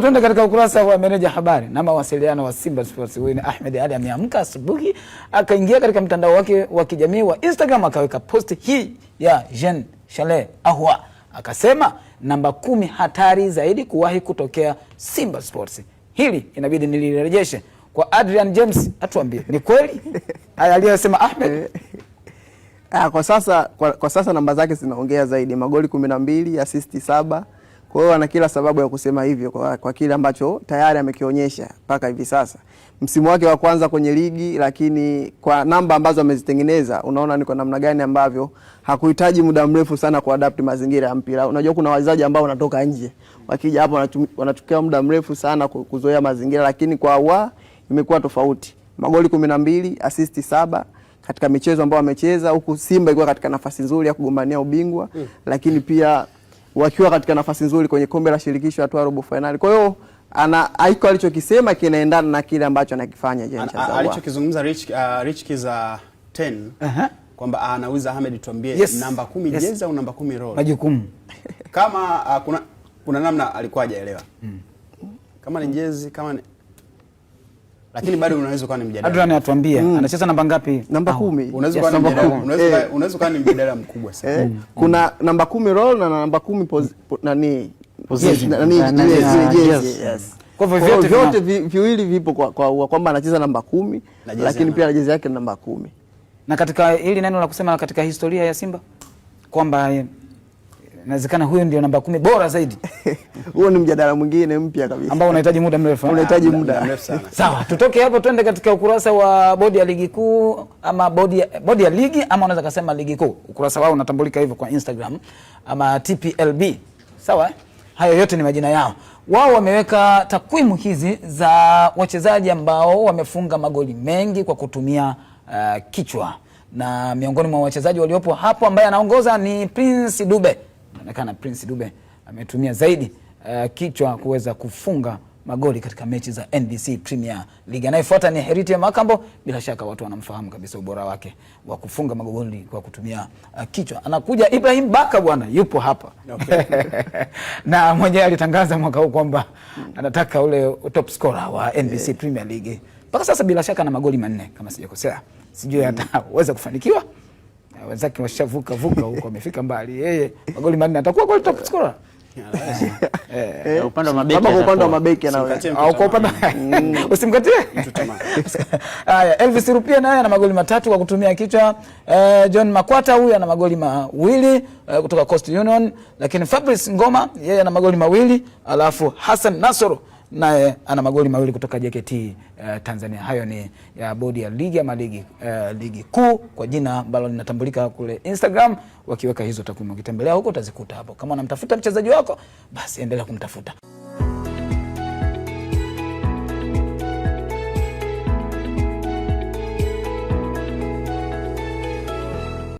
Tuende katika ukurasa wa meneja habari na mawasiliano wa Simba Sports. Huyu ni Ahmed Ali, ameamka asubuhi akaingia katika mtandao wake wa kijamii wa Instagram akaweka posti hii ya Jean Charles Ahoua, akasema namba kumi hatari zaidi kuwahi kutokea Simba Sports. Hili inabidi nilirejeshe kwa Adrian James, atuambie ni kweli haya aliyosema Ahmed. Ah, kwa sasa, kwa, kwa sasa namba zake zinaongea zaidi, magoli kumi na mbili, asisti saba kwa hiyo ana kila sababu ya kusema hivyo kwa, kwa kile ambacho tayari amekionyesha mpaka hivi sasa, msimu wake wa kwanza kwenye ligi, lakini kwa namba ambazo amezitengeneza, unaona ni kwa namna gani ambavyo hakuhitaji muda mrefu sana kuadapt mazingira ya mpira. Unajua kuna wachezaji ambao wanatoka nje, wakija hapo wanachukua muda mrefu sana kuzoea mazingira, lakini kwa wa imekuwa tofauti. Magoli 12, assist saba katika michezo ambayo amecheza, huku Simba ilikuwa katika nafasi nzuri ya kugombania ubingwa mm, lakini pia wakiwa katika nafasi nzuri kwenye kombe la shirikisho hatua robo fainali. Kwa hiyo ana aiko alichokisema kinaendana na kile ambacho anakifanya Jean Ahoua. Alichokizungumza Rich uh, Rich Kiza 10 uh -huh. kwamba anauza Ahmed, tuambie yes. namba 10 yes. jezi au namba 10 roll. Majukumu. Kama uh, kuna kuna namna alikuwa hajaelewa. Mm. Kama ni jezi kama ni lakini bado unaweza kuwa ni mjadala. Adrian atuambie mm. anacheza namba ngapi? Namba 10. Unaweza kuwa ni mjadala, eh. unaweza kuwa ni mjadala mkubwa sana. Eh, mm. kuna mm. namba kumi role na namba 10 nani nani yes. Kwa hivyo vyote viwili vipo kwa kwa kwamba anacheza namba kumi lakini pia na jezi yake namba kumi. Na katika hili neno la kusema katika historia ya Simba kwamba inawezekana huyu ndio namba kumi bora zaidi. Huo ni mjadala mwingine mpya kabisa ambao unahitaji muda mrefu, unahitaji ah, muda mrefu sana. Sawa, tutoke hapo tuende katika ukurasa wa bodi ya ligi kuu ama bodi ya, bodi ya ligi ama unaweza kusema ligi kuu. Ukurasa wao unatambulika hivyo kwa Instagram ama TPLB. Sawa eh? Hayo yote ni majina yao. Wao wameweka takwimu hizi za wachezaji ambao wamefunga magoli mengi kwa kutumia uh, kichwa na miongoni mwa wachezaji waliopo hapo ambaye anaongoza ni Prince Dube Inaonekana Prince Dube ametumia zaidi uh, kichwa kuweza kufunga magoli katika mechi za NBC Premier League. Anayefuata ni Heriti Makambo, bila shaka watu wanamfahamu kabisa ubora wake wa kufunga magoli kwa kutumia uh, kichwa. Anakuja Ibrahim Baka bwana, yupo hapa okay. na mwenyewe alitangaza mwaka huu kwamba hmm. anataka ule top scorer wa NBC yeah. Premier League mpaka sasa bila shaka na magoli manne kama sijakosea, sijui mm. ataweza kufanikiwa wenzake washavuka vuka huko, amefika mbali, yeye magoli manne atakuwa goli top scorer. Eh. Eh, upande wa mabeki, usimkatie haya. Elvis Rupia naye ana magoli matatu kwa kutumia kichwa. Eh, John Makwata huyu ana magoli mawili eh, kutoka Coast Union, lakini Fabrice Ngoma yeye ana magoli mawili, alafu Hassan Nasoro naye ana magoli mawili kutoka JKT uh, eh, Tanzania. Hayo ni ya bodi ya ligi ama ligi uh, ligi kuu kwa jina ambalo linatambulika kule Instagram, wakiweka hizo takwimu, ukitembelea huko utazikuta hapo. Kama unamtafuta mchezaji wako, basi endelea kumtafuta.